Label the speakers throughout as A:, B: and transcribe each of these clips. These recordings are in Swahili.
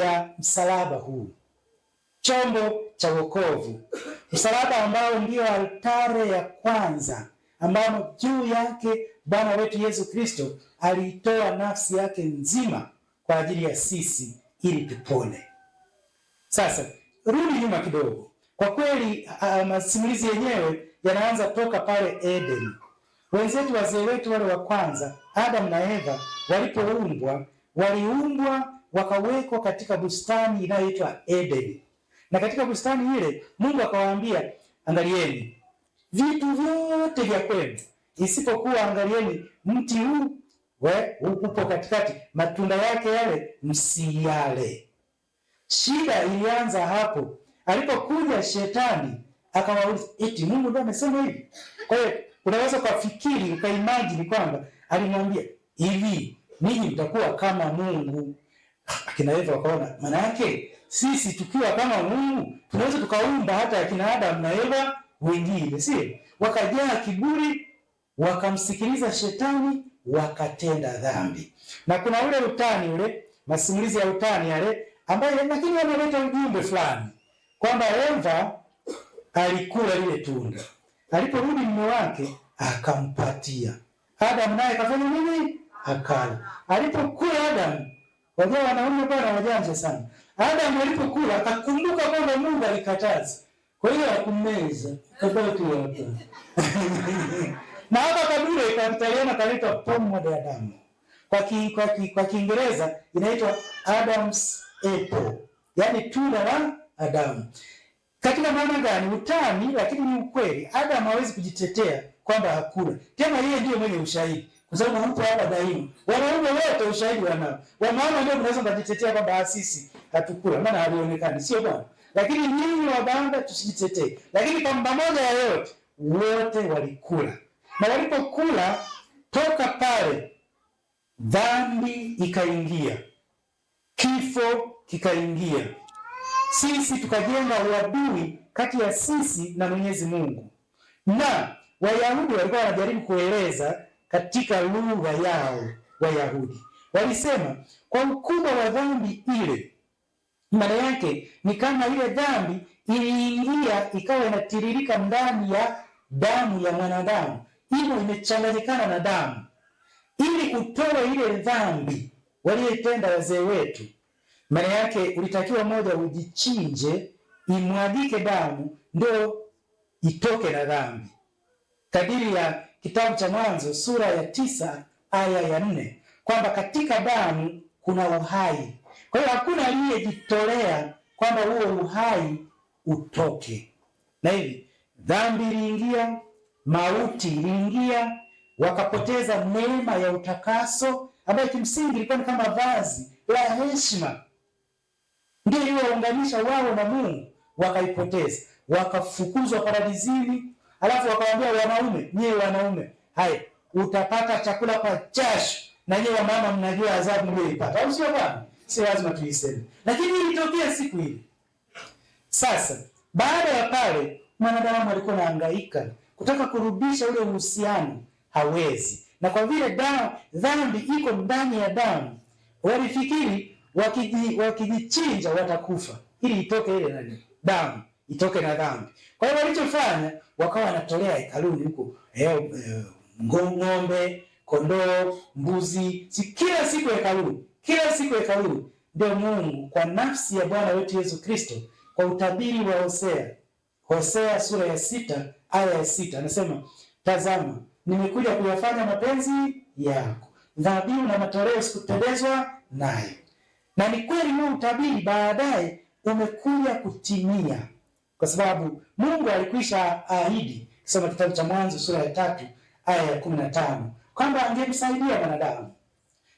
A: ya msalaba huu, chombo cha wokovu, msalaba ambao ndio altare ya kwanza ambamo juu yake Bwana wetu Yesu Kristo aliitoa nafsi yake nzima kwa ajili ya sisi ili tupone. Sasa rudi nyuma kidogo. Kwa kweli masimulizi yenyewe yanaanza toka pale Eden. Wenzetu wazee wetu wale wa kwanza Adamu na Eva walipoumbwa, waliumbwa wakawekwa katika bustani inayoitwa Edeni, na katika bustani ile Mungu akawaambia, angalieni vitu vyote vya kwenu isipokuwa, angalieni mti huu we upo katikati, matunda yake yale msiyale. Shida ilianza hapo alipokuja shetani akawauliza, eti Mungu ndiye amesema hivi? Kwa hiyo unaweza ukafikiri ukaimajini kwamba alimwambia hivi, ninyi mtakuwa kama Mungu. Akina Eva wakaona, maana yake sisi tukiwa kama Mungu tunaweza tukaumba hata akina Adam na Eva wengine, si wakajaa kiburi, wakamsikiliza shetani, wakatenda dhambi. Na kuna ule utani ule, masimulizi ya utani yale ambayo lakini yanaleta ujumbe fulani kwamba Eva alikula lile tunda, aliporudi mume wake akampatia Adam, naye akafanya nini?
B: Akala.
A: Alipokula Adam Wajua wanaume bwana wajanja sana. Adamu alipokula akakumbuka kwamba Mungu alikataza. Kwa hiyo hakumeza. Kabla tu hapo. Na hapa kabila ikamtaliana kaleta pombe ya Adamu. Kwa ki, kwa ki, kwa Kiingereza inaitwa Adam's apple. Yaani tunda la Adamu. Katika maana gani? Utani, lakini ni ukweli. Adamu hawezi kujitetea kwamba hakula. Tena yeye ndiye mwenye ushahidi. Kwa sababu mtu hapa dhahiri. Wanaume wote ushahidi wanao. Kwa maana ndio mnaweza mtajitetea kwamba ah, sisi hatukula, maana halionekani, sio bwana. Lakini nyinyi wabanda tusijitetee. Lakini kwa pamoja ya yote wote walikula. Na walipokula toka pale dhambi ikaingia. Kifo kikaingia. Sisi tukajenga uadui kati ya sisi na Mwenyezi Mungu. Na Wayahudi walikuwa wanajaribu kueleza katika lugha yao Wayahudi. Walisema kwa ukubwa wa dhambi ile, maana yake ni kama ile dhambi iliingia ikawa inatiririka ndani ya damu ya mwanadamu, imo imechanganyikana na damu, ili kutoa ile dhambi waliyotenda wazee wetu. Maana yake ulitakiwa moja, ujichinje, imwagike damu, ndio itoke na dhambi kadiri ya kitabu cha Mwanzo sura ya tisa aya ya nne kwamba katika damu kuna uhai. Kwa hiyo hakuna aliyejitolea kwamba huo uhai utoke, na hivi dhambi iliingia, mauti iliingia, wakapoteza neema ya utakaso ambayo kimsingi ilikuwa ni kama vazi la heshima, ndio iliyounganisha wao na Mungu, wakaipoteza, wakafukuzwa paradizini Alafu wakawaambia wanaume, nyie wanaume, haya utapata chakula kwa jasho, na nyie wamama mnajua adhabu mliyoipata, au sio bwana? Si lazima tuiseme, lakini ilitokea siku ile. Sasa baada ya pale, mwanadamu alikuwa anahangaika kutaka kurudisha ule uhusiano, hawezi. Na kwa vile damu dhambi iko ndani ya damu, walifikiri wakijichinja wakiji watakufa ili itoke ile nani damu itoke na dhambi. Kwa hiyo walichofanya wakawa wanatolea hekaluni huko eh, eh ng'ombe, kondoo, mbuzi, si kila siku hekaluni, kila siku hekaluni. Ndio Mungu kwa nafsi ya Bwana wetu Yesu Kristo kwa utabiri wa Hosea, Hosea sura ya sita aya ya sita anasema, tazama nimekuja kuyafanya mapenzi yako, dhabihu na matoleo sikupendezwa nayo. Na ni kweli huu utabiri baadaye umekuja kutimia kwa sababu Mungu alikwisha ahidi, soma kitabu cha Mwanzo sura ya tatu aya ya kumi na tano kwamba angemsaidia mwanadamu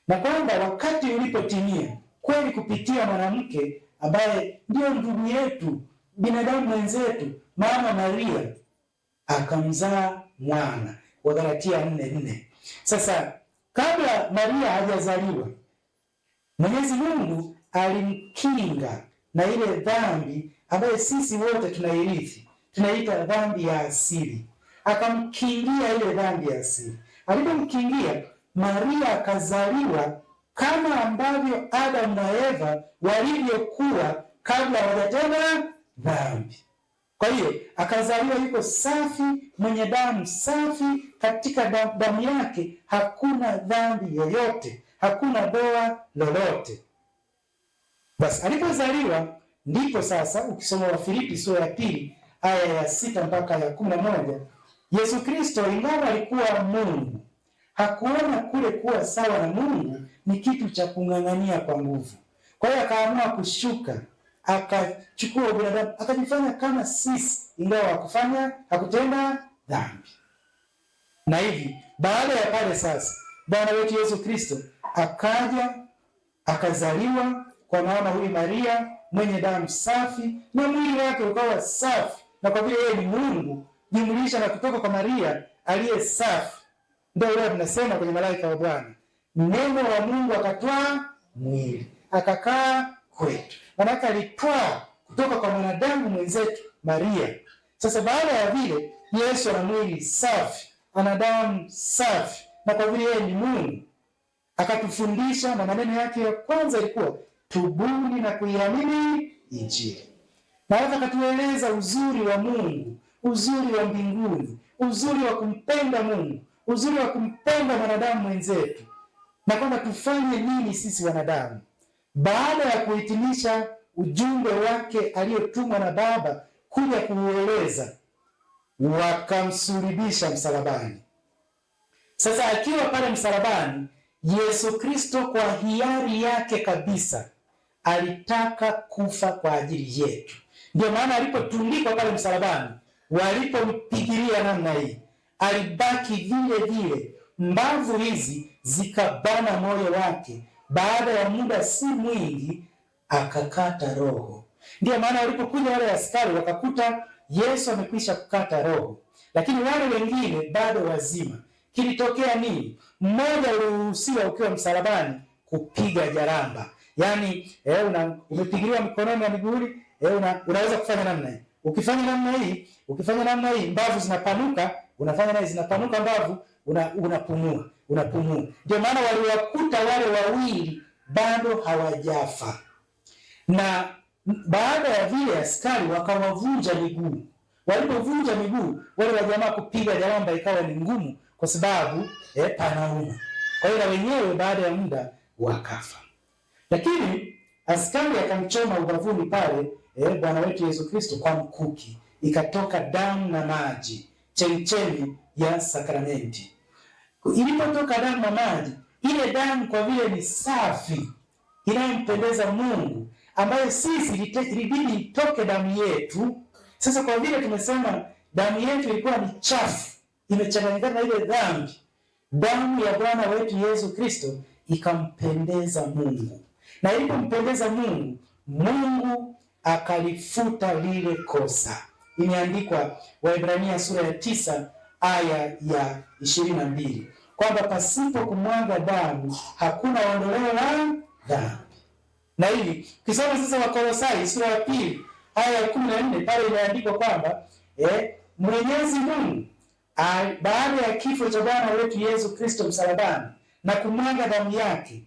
A: na kwamba wakati ulipotimia kweli kupitia mwanamke ambaye ndiyo ndugu yetu binadamu mwenzetu Mama Maria akamzaa mwana wa Galatia nne nne. Sasa kabla Maria hajazaliwa Mwenyezi Mungu alimkinga na ile dhambi ambaye sisi wote tunairithi, tunaita dhambi ya asili. Akamkingia ile dhambi ya asili. Alipomkingia Maria akazaliwa kama ambavyo Adamu na Eva walivyokuwa kabla hawajatenda dhambi. Kwa hiyo akazaliwa yuko safi, mwenye damu safi, katika damu yake hakuna dhambi yoyote, hakuna doa lolote. Basi alipozaliwa Ndipo sasa ukisoma Wafilipi sura ya pili aya ya sita mpaka ya kumi na moja Yesu Kristo ingawa alikuwa Mungu hakuona kule kuwa sawa na Mungu ni kitu cha kung'ang'ania kwa nguvu. Kwa hiyo akaamua kushuka, akachukua ubinadamu, akajifanya kama sisi, ingawa hakufanya hakutenda dhambi. Na hivi baada ya pale sasa Bwana wetu Yesu Kristo akaja akazaliwa kwa mama huyu Maria mwenye damu safi na mwili wake ukawa safi, na kwa vile yeye ni Mungu jumlisha na kutoka kwa Maria aliye safi. Ndio leo tunasema kwenye malaika wa Bwana, neno wa Mungu akatwaa mwili akakaa kwetu, manake alitwaa kutoka kwa mwanadamu mwenzetu Maria. Sasa baada ya vile, Yesu ana mwili safi, ana damu safi, na kwa vile yeye ni Mungu akatufundisha, na maneno yake ya kwanza ilikuwa tubuni na kuiamini Injili. Naweza katueleza uzuri wa Mungu, uzuri wa mbinguni, uzuri wa kumpenda Mungu, uzuri wa kumpenda mwanadamu mwenzetu, na kwamba tufanye nini sisi wanadamu baada ya kuhitimisha ujumbe wake aliyotumwa na Baba kuja kuueleza, wakamsulubisha msalabani. Sasa akiwa pale msalabani, Yesu Kristo kwa hiari yake kabisa alitaka kufa kwa ajili yetu. Ndio maana alipotundikwa pale msalabani, walipompigilia namna hii, alibaki vile vile, mbavu hizi zikabana moyo wake. Baada ya muda si mwingi, akakata roho. Ndiyo maana walipokuja wale askari wakakuta Yesu amekwisha kukata roho, lakini wale wengine bado wazima. Kilitokea nini? Mmoja aliruhusiwa ukiwa msalabani kupiga jaramba. Yaani eh, una umepigiliwa mkononi na miguuni eh, una, unaweza kufanya namna hii. Ukifanya namna hii, ukifanya namna hii mbavu zinapanuka, unafanya naye zinapanuka mbavu, una, unapumua, unapumua. Ndio maana waliwakuta wale wawili bado hawajafa. Na baada ya vile askari wakawavunja miguu. Walipovunja miguu, wale wa jamaa kupiga jaramba ikawa ni ngumu kwa sababu eh, panauma. Kwa hiyo na wenyewe baada ya muda wakafa. Lakini askari akamchoma ubavuni pale eh, Bwana wetu Yesu Kristo kwa mkuki, ikatoka damu na maji, chemchemi ya sakramenti. Ilipotoka damu na maji, ile damu kwa vile ni safi inayompendeza Mungu, ambayo sisi ilibidi itoke damu yetu. Sasa kwa vile tumesema damu yetu ilikuwa ni chafu, imechanganyikana na ile dhambi, damu ya Bwana wetu Yesu Kristo ikampendeza Mungu na ilipompendeza Mungu, Mungu akalifuta lile kosa. Imeandikwa Waebrania sura ya tisa aya ya ishirini na mbili kwamba pasipo kumwaga damu hakuna ondoleo la dhambi. Na hili kisoma sasa Wakolosai sura ya pili aya ya kumi na nne pale imeandikwa kwamba eh, Mwenyezi Mungu baada ya kifo cha Bwana wetu Yesu Kristo msalabani na kumwaga damu yake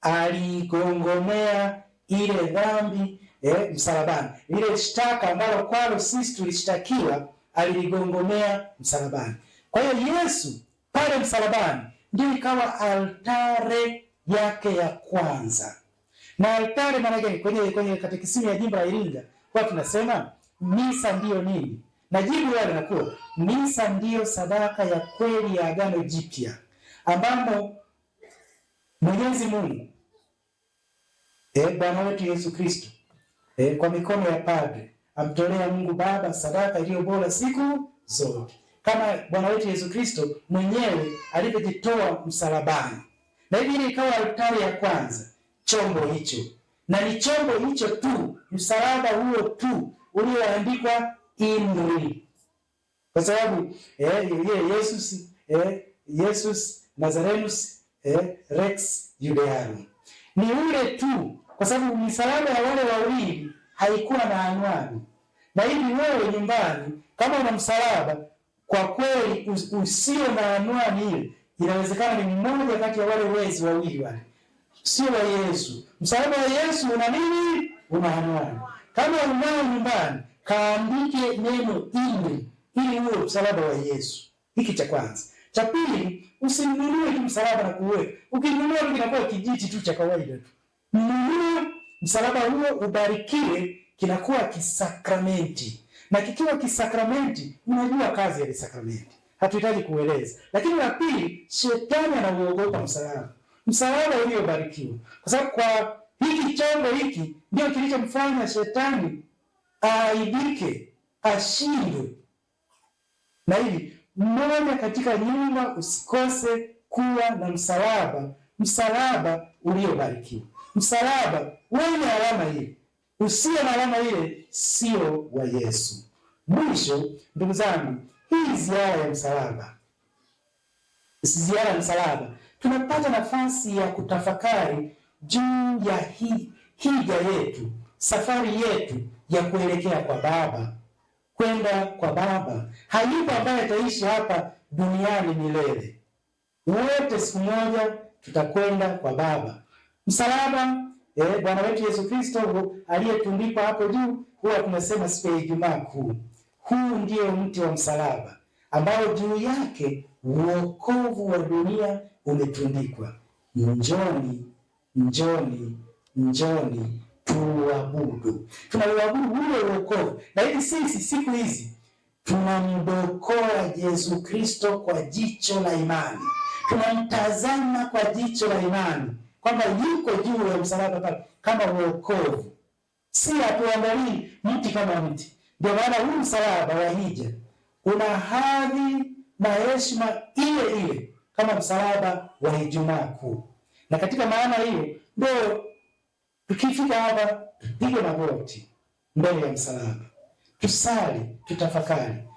A: aligongomea ile dhambi eh, msalabani. Lile shtaka ambalo kwalo sisi tulishtakiwa aliligongomea msalabani. Kwa hiyo Yesu pale msalabani ndio ikawa altare yake ya kwanza, na altare maana yake kwenye, kwenye katekisimu ya jimbo la Iringa kwa tunasema misa ndiyo nini, na jibu yale linakuwa misa ndiyo sadaka ya kweli ya agano jipya ambamo Mwenyezi Mungu eh, Bwana wetu Yesu Kristo e, kwa mikono ya padre amtolea Mungu Baba sadaka iliyo bora siku zote, kama Bwana wetu Yesu Kristo mwenyewe alivyojitoa msalabani, na hivi ikawa altari ya kwanza chombo hicho, na ni chombo hicho tu, msalaba huo tu ulioandikwa IMRI, kwa sababu eh, Yesus eh, Yesus Nazarenus eh, Rex Judeani. Ni ule tu, kwa sababu misalaba ya wale wawili haikuwa na anwani, na hivi wewe nyumbani kama una msalaba kwa kweli usio na anwani ile, inawezekana ni mmoja kati ya wale wezi wawili wale, sio wa Yesu. Msalaba wa Yesu una nini? Una anwani. Kama unao nyumbani, kaandike neno ile ili uwe msalaba wa Yesu. Hiki cha kwanza. Cha pili Usinunue tu msalaba na kuwe. Ukinunua tu kinakuwa kijiti tu cha kawaida tu. Nunua msalaba huo ubarikiwe, kinakuwa kisakramenti. Na kikiwa kisakramenti, unajua kazi ya sakramenti. Hatuhitaji kueleza. Lakini la pili, shetani anauogopa msalaba. Msalaba uliobarikiwa. Kwa sababu kwa hiki chombo hiki ndio kilichomfanya shetani aibike, ashindwe. Na hivi mmoja katika nyumba, usikose kuwa na msalaba, msalaba uliobarikiwa, msalaba wenye alama ile. Usio na alama ile sio wa Yesu. Mwisho ndugu zangu, hii ziara ya msalaba, ziara ya msalaba, tunapata nafasi ya kutafakari juu ya hija yetu, safari yetu ya kuelekea kwa Baba kwenda kwa Baba. Hayupo ambaye ataishi hapa duniani milele, wote siku moja tutakwenda kwa Baba. Msalaba eh, Bwana wetu Yesu Kristo aliyetundikwa hapo juu, huwa tunasema siku ya Ijumaa Kuu, huu ndio mti wa msalaba ambao juu yake uokovu wa dunia umetundikwa. Njoni, njoni, njoni tuabudu, tunauabudu ule wokovu. hivi sisi siku hizi tunamdokoa Yesu Kristo kwa jicho la imani, tunamtazama kwa jicho la imani kwamba yuko juu ya msalaba pale kama wokovu, si atuangalii mti kama mti. Ndio maana huu msalaba wa hija una hadhi na heshima ile ile kama msalaba wa Ijumaa Kuu, na katika maana hiyo ndio Tukifika hapa, piga magoti mbele ya msalaba, tusali, tutafakari